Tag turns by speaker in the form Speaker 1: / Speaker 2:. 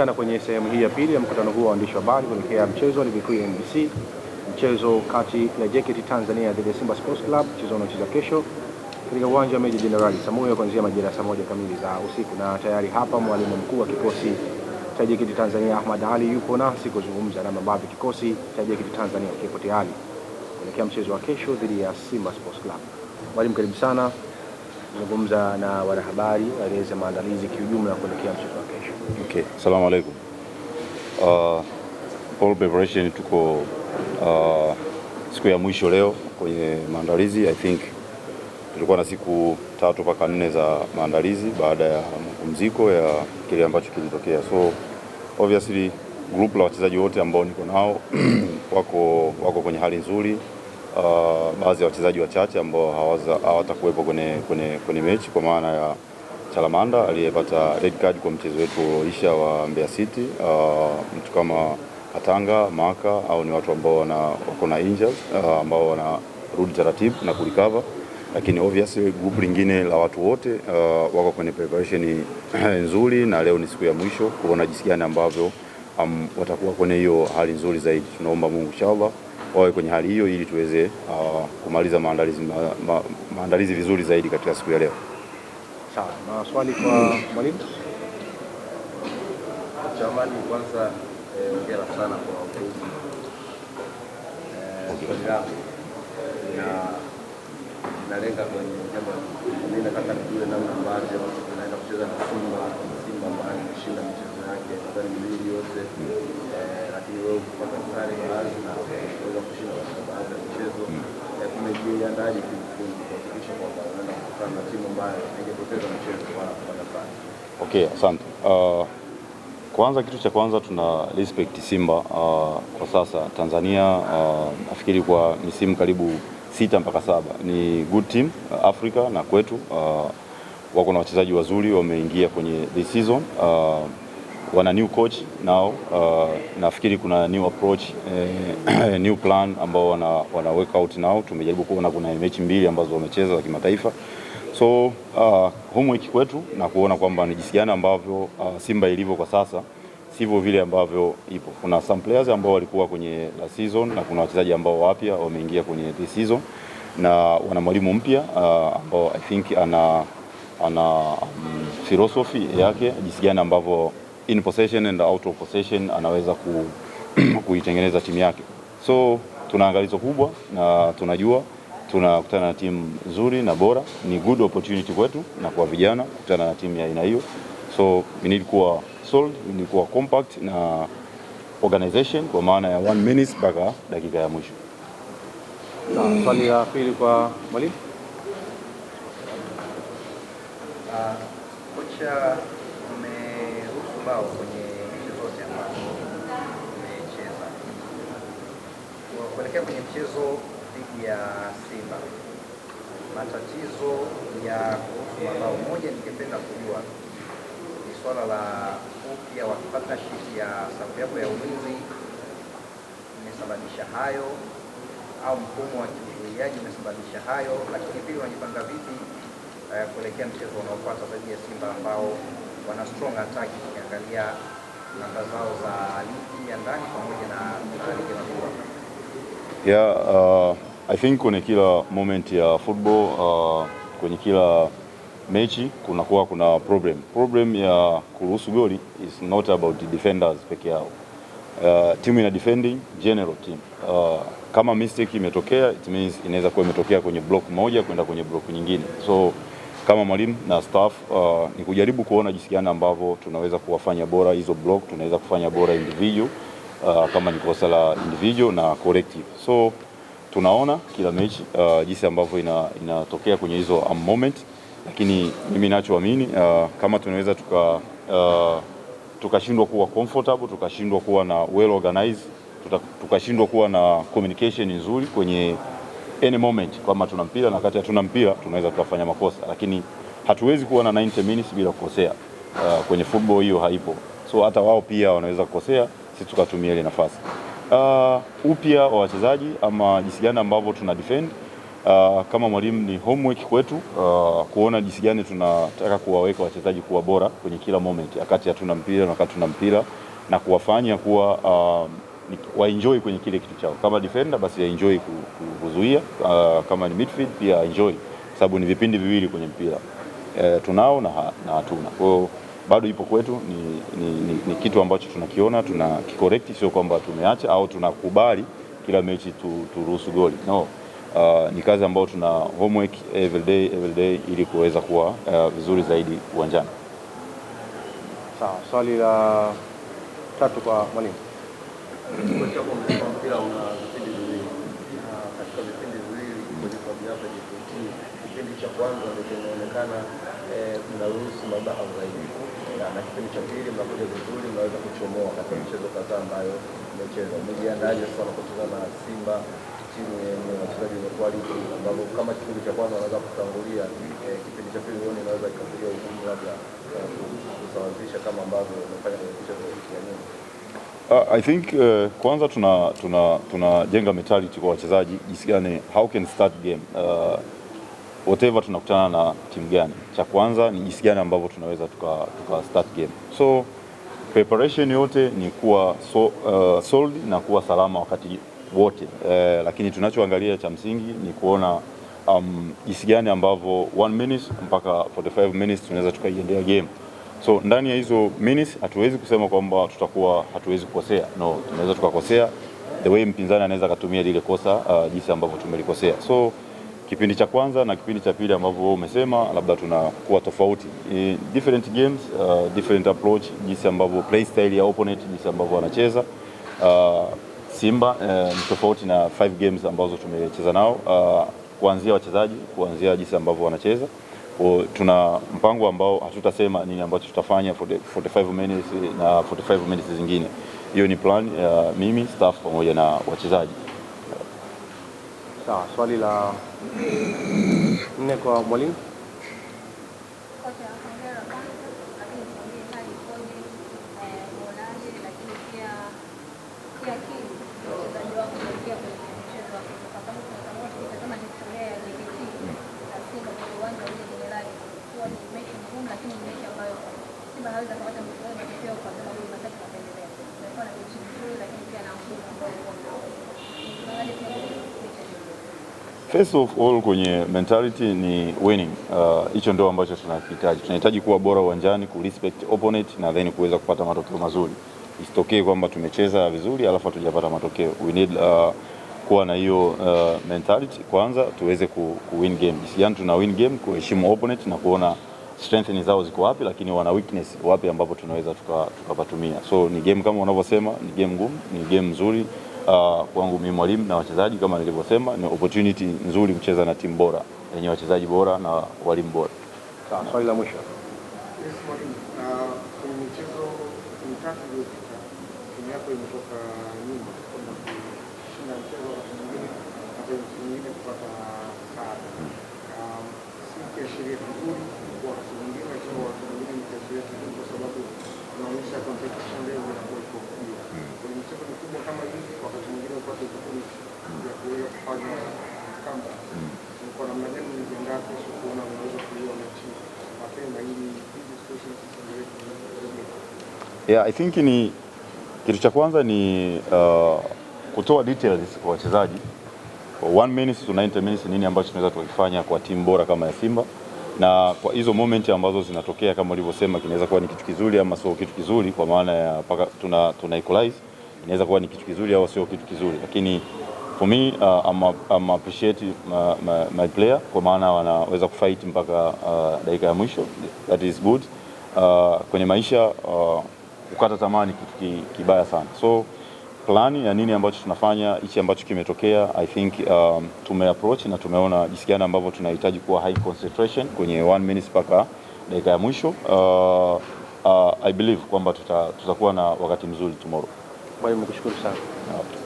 Speaker 1: sana kwenye sehemu hii ya pili ya mkutano huu wa waandishi wa habari kuelekea mchezo wa ligi kuu ya NBC, mchezo kati ya JKT Tanzania dhidi ya Simba Sports Club, mchezo unaocheza kesho katika uwanja wa Meja Jenerali Samuyo kuanzia majira ya saa moja kamili za usiku. Na tayari hapa mwalimu mkuu wa kikosi cha JKT Tanzania Ahmad Ali yupo nasi kuzungumza namna ambavyo kikosi cha JKT Tanzania kipo tayari kuelekea mchezo wa kesho dhidi ya Simba Sports Club. Mwalimu, karibu sana kuzungumza na wanahabari waeleze maandalizi kiujumla kuelekea mchezo wa kesho.
Speaker 2: Okay, salamu alaikum. Uh, all preparation tuko uh, siku ya mwisho leo kwenye maandalizi. I think tulikuwa na siku tatu mpaka nne za maandalizi baada ya mapumziko ya kile ambacho kilitokea, so obviously group la wachezaji wote ambao niko nao wako, wako kwenye hali nzuri uh, baadhi ya wachezaji wachache ambao hawatakuwepo kwenye, kwenye, kwenye mechi kwa maana ya Chalamanda aliyepata red card kwa mchezo wetu ulioisha wa Mbeya City. Uh, mtu kama Katanga Maka au ni watu ambao wako na injuries uh, ambao wanarudi taratibu na kulikava, lakini obviously group lingine la watu wote uh, wako kwenye preparation nzuri, na leo ni siku ya mwisho kuona jinsi gani ambavyo um, watakuwa kwenye hiyo hali nzuri zaidi. Tunaomba Mungu inshallah wawe kwenye hali hiyo ili tuweze uh, kumaliza maandalizi, ma, ma, maandalizi vizuri zaidi katika siku ya leo.
Speaker 1: Sawa, na swali kwa mwalimu.
Speaker 3: Chamani, kwanza eh, hongera sana kwa uteuzi. Eh, swali na inalenga kwenye jambo mimi nataka tujue namna ambavyo tunaenda kucheza na Simba Simba ambaye ameshinda michezo yake nadhani miwili yote eh, lakini wewe kupata sare baadhi na kuweza kushinda katika baadhi ya michezo eh, kumejiandaje kiufundi kuhakikisha kwamba unaenda kukutana na timu ambayo haijapoteza mchezo wala kupata sare
Speaker 2: Okay, asante. Uh, kwanza kitu cha kwanza tuna respect Simba uh, kwa sasa Tanzania uh, nafikiri kwa misimu karibu sita mpaka saba ni good team uh, Africa na kwetu uh, wako na wachezaji wazuri wameingia kwenye this season uh, wana new coach nao uh, nafikiri kuna new approach eh, new plan ambao wana, wana work out nao. Tumejaribu kuona kuna mechi mbili ambazo wamecheza za kimataifa, so uh, homework kwetu na kuona kwamba ni jinsi gani ambavyo uh, Simba ilivyo kwa sasa sivyo vile ambavyo ipo. Kuna some players ambao walikuwa kwenye la season na kuna wachezaji ambao wapya wameingia kwenye this season na wana mwalimu mpya uh, ambao I think ana ana um, philosophy yake jinsi gani ambavyo in possession and out of possession anaweza ku, kuitengeneza timu yake. So tuna angalizo kubwa na tunajua tunakutana na timu nzuri na bora, ni good opportunity kwetu na kwa vijana kukutana na timu ya aina hiyo, so need kuwa sold ilikuwa compact na organization kwa maana ya one minute mpaka dakika ya mwisho.
Speaker 1: Swali la pili kwa mwalimu.
Speaker 4: Ah, kocha, umeruhusu bao kwenye mechi zote ambazo umecheza. Kuelekea kwenye mchezo dhidi ya Simba, matatizo ya kuruhusu mabao moja, ningependa kujua swala la upya wa partnership ya safu ya ulinzi imesababisha hayo, au mfumo wa kiuzuiaji umesababisha hayo, lakini pili wanajipanga vipi uh, kuelekea mchezo unaofuata zaidi ya Simba ambao wana strong attack ukiangalia namba zao za ligi ya ndani pamoja na ligi ya mabingwa.
Speaker 2: Yeah, uh, I think kwenye kila moment ya football uh, kwenye kila mechi kunakuwa kuna problem. Problem ya kuruhusu goli is not about the defenders peke yao. Uh, timu ina defending general team. Uh, kama mistake imetokea it means inaweza kuwa imetokea kwenye block moja kwenda kwenye block nyingine. So kama mwalimu na staff uh, ni kujaribu kuona jinsi gani ambavyo tunaweza kuwafanya bora hizo block, tunaweza kufanya bora individual uh, kama ni kosa la individual na collective. So tunaona kila mechi uh, jinsi ambavyo inatokea ina kwenye hizo um, moment lakini mimi nachoamini uh, kama tunaweza tuka uh, tukashindwa kuwa comfortable, tukashindwa kuwa na well organized, tukashindwa kuwa na communication nzuri kwenye any moment, kama tuna mpira na kati hatuna mpira tunaweza tukafanya makosa, lakini hatuwezi kuwa na 90 minutes bila kukosea. Uh, kwenye football hiyo haipo, so hata wao pia wanaweza kukosea, sisi tukatumia ile nafasi. Uh, upya wa wachezaji ama jinsi gani ambavyo tuna defend Uh, kama mwalimu ni homework kwetu uh, kuona jinsi gani tunataka kuwaweka wachezaji kuwa bora kwenye kila moment, wakati hatuna mpira na wakati tuna mpira, na kuwafanya kuwa uh, ah, waenjoy kwenye kile kitu chao. Kama defender basi enjoy kuzuia, uh, kama ni midfield pia enjoy, sababu ni vipindi viwili kwenye mpira uh, tunao na, na hatuna. Kwa hiyo bado ipo kwetu, ni, ni, ni, ni kitu ambacho tunakiona tuna sio kwamba tumeacha au tunakubali kila mechi tu, turuhusu goli no. Uh, ni kazi ambayo tuna homework every day, every day ili kuweza kuwa uh, vizuri zaidi uwanjani.
Speaker 1: Sawa, swali la tatu kwa mwalimu.
Speaker 3: Kipindi cha kwanza ndio inaonekana mnaruhusu mabao zaidi, na kipindi cha pili mnakuja vizuri, mnaweza kuchomoa katika michezo kadhaa ambayo mmecheza. Mmejiandaje sana kucheza na Simba? timu chini wachezaji wa lipo, ambao kama kipindi cha kwanza wanaweza kutangulia, eh, kipindi cha pili huoni inaweza ikafikia ugumu labda eh, kusawazisha kama ambavyo wamefanya kwenye picha ya nyuma.
Speaker 2: Uh, I think uh, kwanza tuna tuna tunajenga mentality kwa wachezaji jinsi gani how can start game uh, whatever tunakutana na timu gani, cha kwanza ni jinsi gani ambavyo tunaweza tuka, tuka start game so preparation yote ni kuwa so, uh, solid na kuwa salama wakati wote eh, lakini tunachoangalia cha msingi ni kuona um, jinsi um, gani ambavyo 1 minute mpaka 45 minutes tunaweza tukaiendea game. So ndani ya hizo minutes hatuwezi kusema kwamba tutakuwa hatuwezi kukosea, no, tunaweza tukakosea the way mpinzani anaweza akatumia lile kosa uh, jinsi ambavyo tumelikosea. So kipindi cha kwanza na kipindi cha pili ambavyo wewe umesema labda tunakuwa tofauti e, different games uh, different approach, jinsi ambavyo play style ya opponent, jinsi ambavyo anacheza uh, Simba eh, ni tofauti na five games ambazo tumecheza nao uh, kuanzia wachezaji, kuanzia jinsi ambavyo wanacheza. O, tuna mpango ambao hatutasema nini ambacho tutafanya for the 45 minutes na 45 minutes zingine. Hiyo ni plan ya uh, mimi staff pamoja na wachezaji.
Speaker 1: Sawa, swali la nne kwa mwalimu.
Speaker 2: First of all kwenye mentality ni winning. Uh, hicho uh, ndio ambacho tunahitaji. Tunahitaji kuwa bora uwanjani, ku respect opponent na then kuweza kupata matokeo mazuri. Isitokee kwamba tumecheza vizuri alafu hatujapata matokeo. We need uh, kuwa na hiyo uh, mentality kwanza tuweze ku, ku win game. Sisi yaani tuna win game kuheshimu opponent na kuona strength zao ziko wapi, lakini wana weakness wapi ambapo tunaweza tukapatumia. Tuka so ni game kama unavyosema, ni game ngumu, ni game nzuri. Ah, kwangu mimi mwalimu na wachezaji, kama nilivyosema, ni opportunity nzuri kucheza na timu bora yenye wachezaji bora na walimu bora.
Speaker 1: Sawa, swali la mwisho.
Speaker 5: Yes, mwalimu, kwenye michezo mitatu iliyopita timu yako imetoka nyuma kwenda kushinda mchezo mwingine na kwenye timu nyingine kupata hmm. ah, si kiashiria kizuri kwa
Speaker 2: Yeah, I think ni kitu cha kwanza ni uh, kutoa details kwa wachezaji one minutes to 90 minutes, nini ambacho tunaweza tukifanya kwa timu bora kama ya Simba na kwa hizo moment ambazo zinatokea kama ulivyosema, kinaweza kuwa ni kitu kizuri ama sio kitu kizuri, kwa maana ya paka tuna, tuna equalize inaweza kuwa ni kitu kizuri au sio kitu kizuri, lakini for me uh, I'm, I'm appreciate my, my, my player kwa maana wanaweza kufight mpaka uh, dakika ya mwisho that is good uh, kwenye maisha uh, kukata tamaa ni kitu kibaya sana. So plani ya nini ambacho tunafanya hichi ambacho kimetokea, I think um, tumeapproach na tumeona jinsi gani ambavyo tunahitaji kuwa high concentration kwenye one minute mpaka dakika ya mwisho. Uh, uh, I believe kwamba tutakuwa tuta na wakati mzuri tomorrow. Mwalimu, nikushukuru sana.